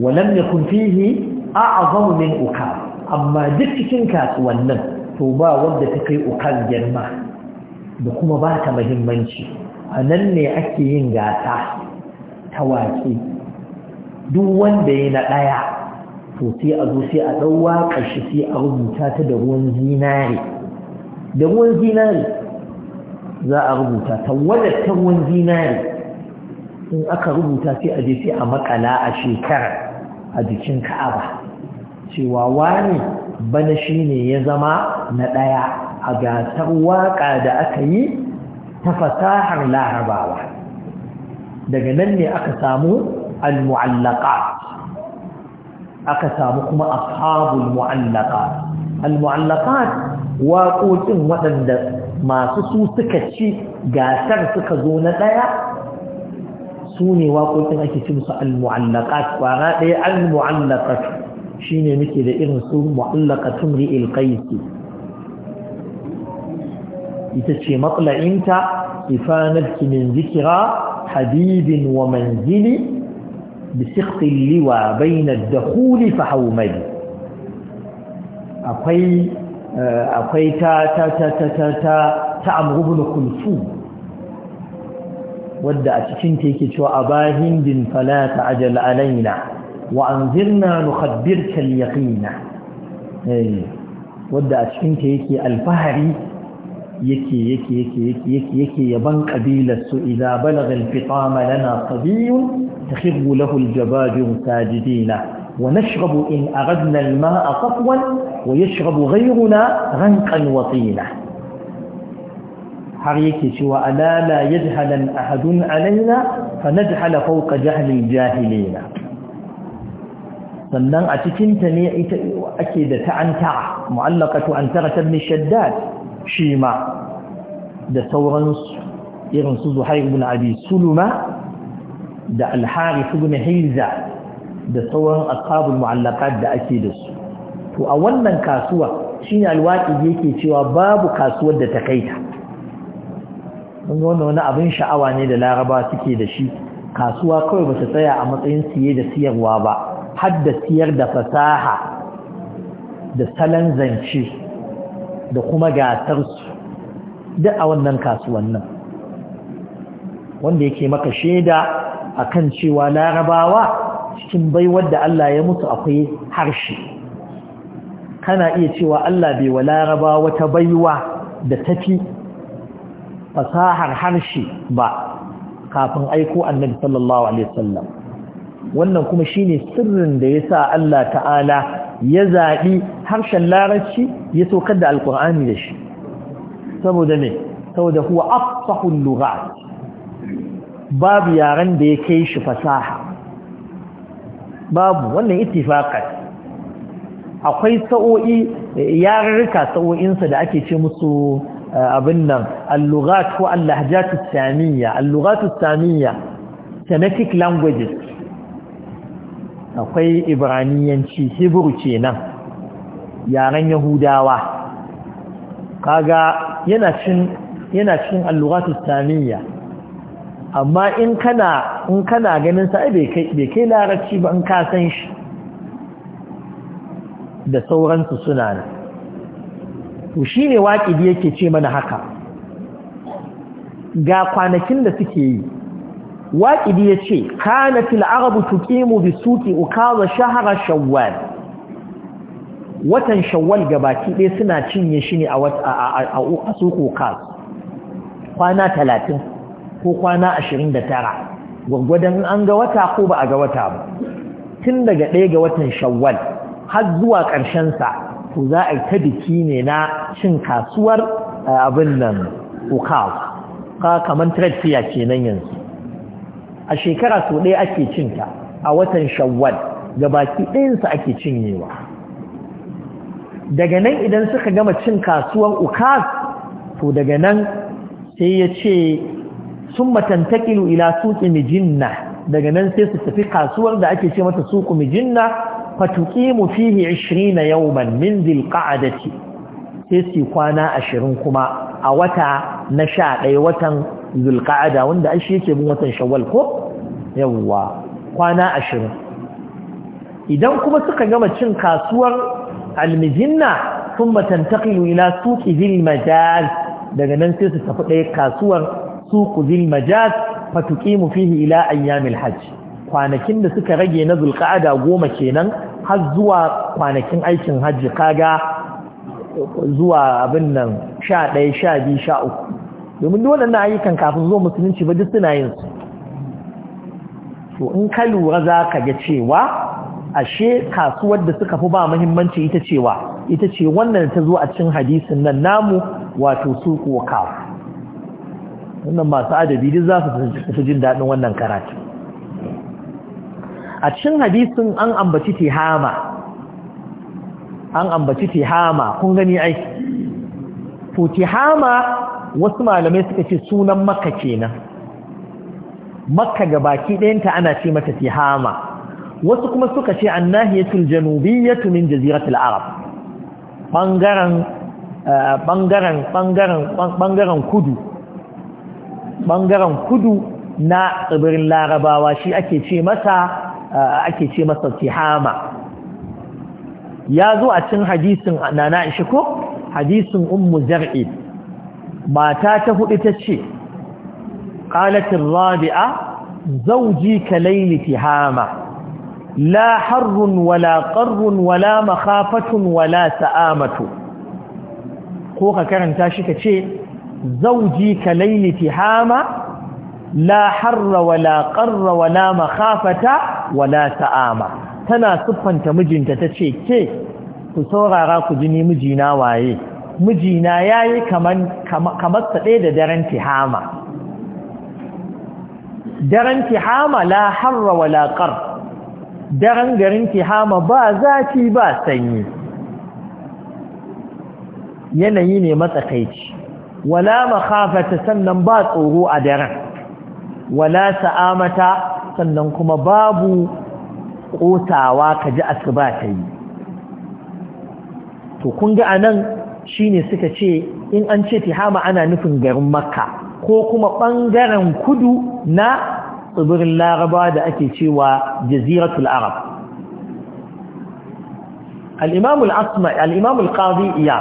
walam yakun fihi a'zamu min uka, amma duk cikin kasuwannin to ba wanda ta kai ukar girma da kuma ba ta mahimmanci a nan ne ake yin gasa ta waƙe duk wanda ya na ɗaya to sai a zo sai a ɗau waƙar shi sai a rubuta ta da ruwan zinare da ruwan zinare za a rubuta ta wadda ta ruwan zinare in aka rubuta sai a je sai a makala a shekara a jikin ka'aba cewa wani bana shi ne ya zama na ɗaya a gasar waƙa da aka yi ta fasahar larabawa daga nan ne aka samu al aka samu kuma ashabul mu'allaqat al-mu'allaqat waƙoƙin waɗanda masu su suka ci gasar suka zo na ɗaya su ne waƙoƙin ake ci musu al-mu'allaqat ƙwara ɗaya al shine muke da irin su mu'allaqatun ri'il qaisi إتشي مطلع إنت إفانتك من ذكرى حبيب ومنزل بسخط اللوى بين الدخول فحومل أقي أقي تا تا تا تا تا تا تعمر ابن كلثوم wadda a cikin yake cewa a bahin bin falata ajal alaina wa an zirna nukhabbirka yaqina wadda a cikin ta yake alfahari يكي يكي يكي يكي يكي يكي يبن قبيلة إذا بلغ الفطام لنا صبي تخب له الجباج ساجدين ونشرب إن أردنا الماء قطوا ويشرب غيرنا غنقا وطينا حريكي سوى ألا لا يجهل أحد علينا فنجهل فوق جهل الجاهلين sannan a cikin ta ne ita ake da ta'antara mu'allaqatu antara ibn shaddad shi ma da sauran irin su zuhair ibn abi suluma da al-harith ibn hilza da sauran ashabul mu'allaqat da ake da su to a wannan kasuwa shine alwaqi yake cewa babu kasuwar da ta kaita mun ga wannan wani abin sha'awa ne da laraba suke da shi kasuwa kawai ba ta tsaya a matsayin siye da siyarwa ba hadda siyar da fasaha da salon zance da kuma gasarsu duk a wannan kasuwannin wanda yake maka shaida kan cewa larabawa cikin baiwar da Allah ya mutu akwai harshe kana iya cewa Allah bai wa larabawa wata baiwa da tafi fasahar harshe ba kafin aiko annabi sallallahu alaihi wasallam wannan kuma shine sirrin da ya sa Allah ta'ala ya zaɓi harshen larabci ya saukar da alƙur'ani da shi saboda ne saboda huwa afsahul lughat babu yaren da ya kai shi fasaha babu wannan ittifaqan akwai sa'o'i yarurruka sa'o'insa da ake ce musu eh, abin nan al ko al-lahjat as-samiyya al samiyya languages akwai ibraniyanci ce kenan yaren yahudawa kaga yana cin yana cin allugatu samiyya amma in kana in kana ganin sa bai kai bai kai larabci ba in ka san shi da sauransu suna nan to shine waƙidi yake ce mana haka ga kwanakin da suke yi waƙidi ya ce kanatil arabu tuqimu bi suki ukaza shahara shawwal watan shawwal gabaki ɗaya suna cinye shi ne a suku ukaz kwana talatin ko kwana ashirin da tara an ga wata ko ba a ga wata ba tun daga ɗaya ga watan shawwal har zuwa sa, to za a ta biki ne na cin kasuwar eh, abin nan ukaz ka kamar trade kenan yanzu a shekara sau ɗaya ake cinta a watan shawwal ga baki ɗayansa ake cinyewa daga nan idan suka gama cin kasuwar Ukas, to daga nan sai ya ce sun matantakilu ila suƙi mijinna daga nan sai su tafi kasuwar da ake ce mata suƙu mijinna fatuƙi mu fihi 20 yawman min zilƙa'adati sai su kwana ashirin kuma a wata na sha ɗaya watan zulka'ada wanda an shi yake bin watan shawwal ko yawwa kwana ashirin idan kuma suka gama cin kasuwar almijinna sun matantakilu ila suki zil majaz daga nan sai su tafi ɗaya kasuwar suku zil majaz fatuƙimu fihi ila ayyamil hajj kwanakin da suka rage na zulka'ada goma kenan har zuwa kwanakin aikin hajji kaga zuwa abin nan sha ɗaya sha biyu sha uku domin duk waɗannan ayyukan kafin zuwa musulunci ba duk suna yin su to in ka lura za ka ga cewa ashe kasuwar da suka fi ba muhimmanci ita cewa ita ce wannan ta zo a cikin hadisin nan namu wato su kuwa kawo wannan masu adabi duk za su fi jin daɗin wannan karatu a cikin hadisin an ambaci tihama an ambaci tihama kun gani ai to tihama wasu malamai suka ce sunan makka kenan makka gabaki ɗayanta ana ce mata tihama wasu kuma suka ce annahiyatul janubiyyatu min jaziratul arab bangaren bangaren eh, bangaren bangaren kudu bangaren kudu na tsibirin larabawa shi ake ce masa eh, ake ce masa tihama ya zo a cikin hadisin nana ishi ko hadisin ummu zar'i mata ta hudu ta ce ƙalatin rabi'a zawji kalayli tihama la harrun wala qarrun wala makhafatun wala sa'amatu ko ka karanta shi ka ce zawji kalayli tihama la harra wala qarra wala makhafata wala sa'ama tana siffanta mijinta ta ce ke ku saurara ku ji ni mijina waye mijina ya yi kamar ta ɗaya da daren tihama daren tihama la harra wa laƙar daren garin tihama ba zafi ba sanyi yanayi ne matsakaici wala makafata sannan ba tsoro a daren wala sa'amata sannan kuma babu kotawa ka ji asuba ta yi to kun ga anan shine suka ce in an ce tihama ana nufin garin makka ko kuma ɓangaren kudu na tsibirin laraba da ake cewa jaziratul arab al'imamul ƙazi iya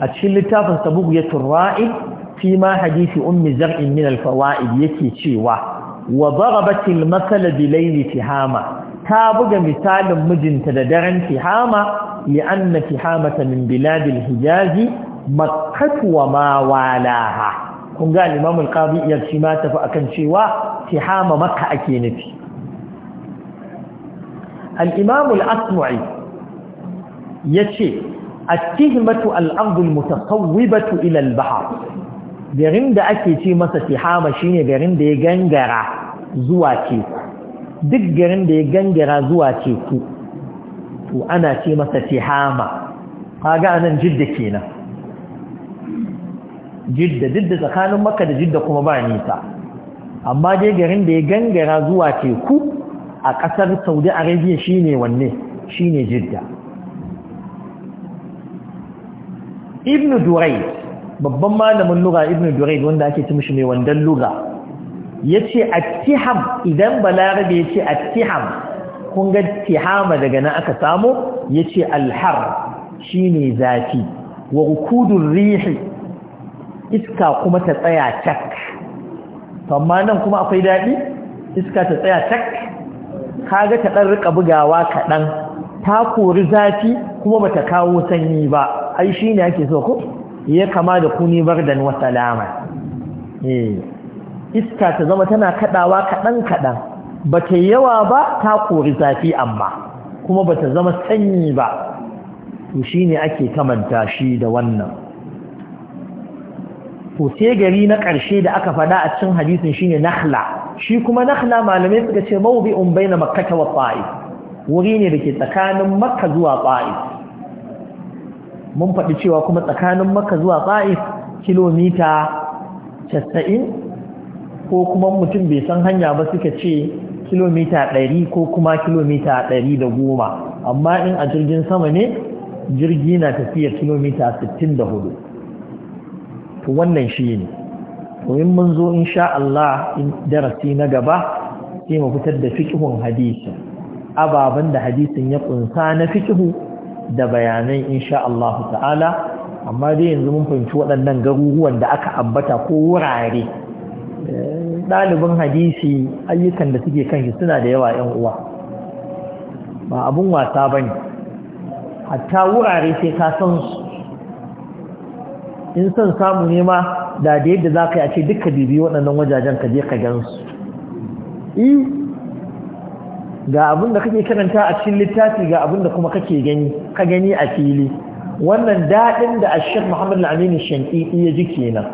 a cikin littafin sabugu ya turra'id fi ma hadisi ummi zar'in min alfawa'id yake cewa wa darabatil masala bilayli tihama ta buga misalin mijinta da daren tihama li'anna tihamata min biladil hijazi makkah wa ma walaha kun ga Imam al-Qadi ya shi ma tafi akan cewa tihama makka ake nufi al-Imam al-Asma'i yace at-tihmatu al-ardu al-mutasawwibatu ila al-bahr garin da ake ce masa tihama shine garin da ya gangara zuwa teku duk garin da ya gangara zuwa teku to ana ce masa tihama kaga anan jidda kenan jidda jidda tsakanin makka da jidda kuma ba nisa amma dai garin da ya gangara zuwa teku a ƙasar saudi arabia shine wanne shine jidda ibnu durai babban malamin lura ibn duraid wanda ake ci mishi mai wandan lura yace attiham idan balarabe yace attiham kun ga tihama daga nan aka samu yace alhar shine zafi wa rukudur rihi iska kuma ta tsaya tak amma nan kuma akwai dadi iska ta tsaya tak kaga ta dan rika bugawa kadan ta kori zafi kuma bata kawo sanyi ba ai shine ake so ko ya kama da kuni bardan wa salama eh, iska ta zama tana kadawa kadan kadan bata yawa ba ta kori zafi amma kuma bata zama sanyi ba to ne ake kamanta shi da wannan to sai gari na ƙarshe da aka fada a cikin hadisin shine nakhla shi kuma nakhla malamai suka ce bai baina makkah wa ta'if wuri ne da ke tsakanin makka zuwa ta'if mun faɗi cewa kuma tsakanin maka zuwa ta'if kilomita 90 ko kuma mutum bai san hanya ba suka ce kilomita 100 ko kuma kilomita goma. amma in a jirgin sama ne jirgi na tafiyar kilomita sittin 64 to wannan shi ne in mun zo insha Allah in darasi na gaba sai mu fitar da fiqhun hadisi Ababen da hadisin ya kunsa na fikihu da bayanai insha Allah ta'ala amma dai yanzu mun fahimci waɗannan garuruwan da aka ambata ko wurare eh, ɗalibin hadisi ayyukan da suke kan shi suna da yawa ‘yan uwa ba abun wasa ba ne hatta wurare sai ka san su in son samu ne ma da da yadda za ka yi a ce duka bibi waɗannan wajajen ka je ka gansu. su eh, ga abin da kake karanta a cikin littafi ga abin da kuma kake gani ka gani a fili wannan daɗin da ashir muhammad al-aminu shankiti ya ji kenan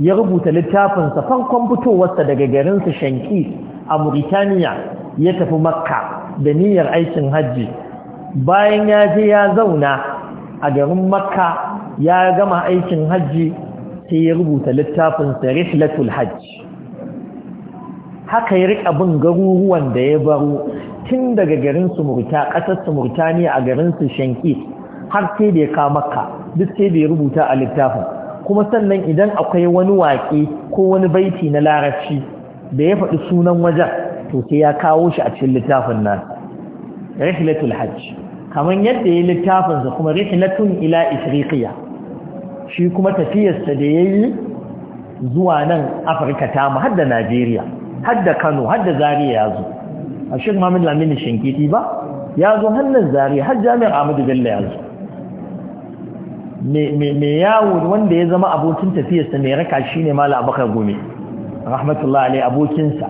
ya rubuta littafinsa farkon fitowarsa daga garinsa shanki a mauritaniya ya tafi makka da niyyar aikin hajji bayan ya je ya zauna a garin makka ya gama aikin hajji sai ya rubuta littafinsa rihlatul hajji haka ya riƙa bin garuruwan da ya baro tun daga garin su murta ƙasar su murtaniya a garin su shanki har sai da ya ka, duk sai da ya rubuta a littafin kuma sannan idan akwai wani waƙe ko wani baiti na larabci da ya faɗi sunan wajen to sai ya kawo shi a cikin littafin nan rihlatul hajj kamar yadda ya littafin sa kuma rihlatun ila ifriqiya shi kuma tafiyarsa da yayi zuwa nan Afirka ta mu har da Najeriya har da Kano har da Zaria ya zo a shek mamun lamini shinkiti ba ya zo hannun zari har jami'ar amadu bello ya zo mai yawo wanda ya zama abokin tafiyarsa mai raka shi ne mala abakar gome rahmatullah alai abokinsa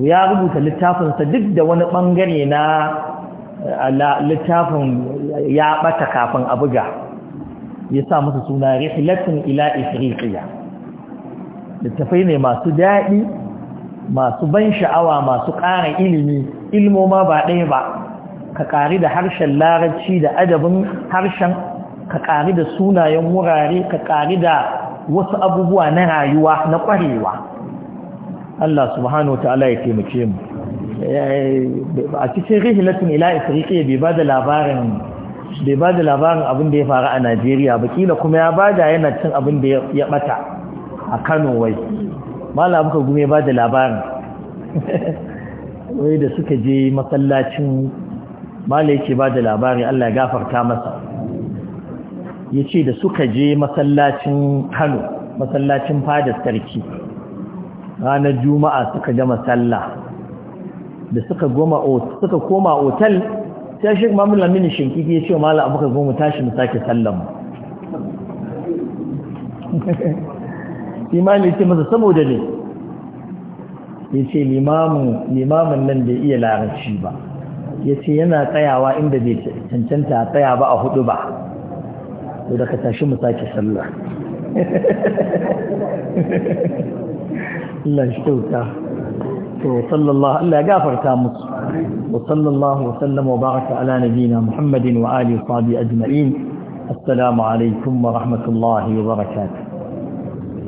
ya rubuta littafinsa duk da wani bangare na eh, littafin ya bata kafin a buga ya sa masa suna rihlatin ila ifriqiya littafai ne masu daɗi masu ban sha'awa masu ƙara ilimi ilmo ma ba ɗaya ba ka ƙari da harshen larabci da adabin harshen ka ƙari da sunayen wurare ka ƙari da wasu abubuwa na rayuwa na ƙwarewa Allah subhanahu ta'ala ya taimake mu eh, a cikin rihilatun ila isriƙe bai ba da labarin bai ba da labarin abin da ya faru a najeriya ba kila kuma ya bada yana cin abin da ya ɓata a kano wai mala muka gume ba da labarin wai da suka je masallacin mala yake ba da labari Allah ya gafarta masa ya ce da suka je masallacin kano masallacin fada sarki ranar juma'a suka gama sallah da suka koma otal sai shi mamun lamini shinkiki ya ce malam muka zo mu tashi mu sake sallama (laughs) imani ce masa saboda ne ya ce limamin nan bai iya larabci ba ya ce yana tsayawa inda bai cancanta a tsaya ba a hudu ba to da ka tashi mu sake sallah Allah shi tauta to sallallahu Allah ya gafarta musu wa sallallahu wa sallama wa baraka ala nabiyina Muhammadin wa alihi wa sahbihi ajma'in assalamu alaikum wa rahmatullahi wa barakatuh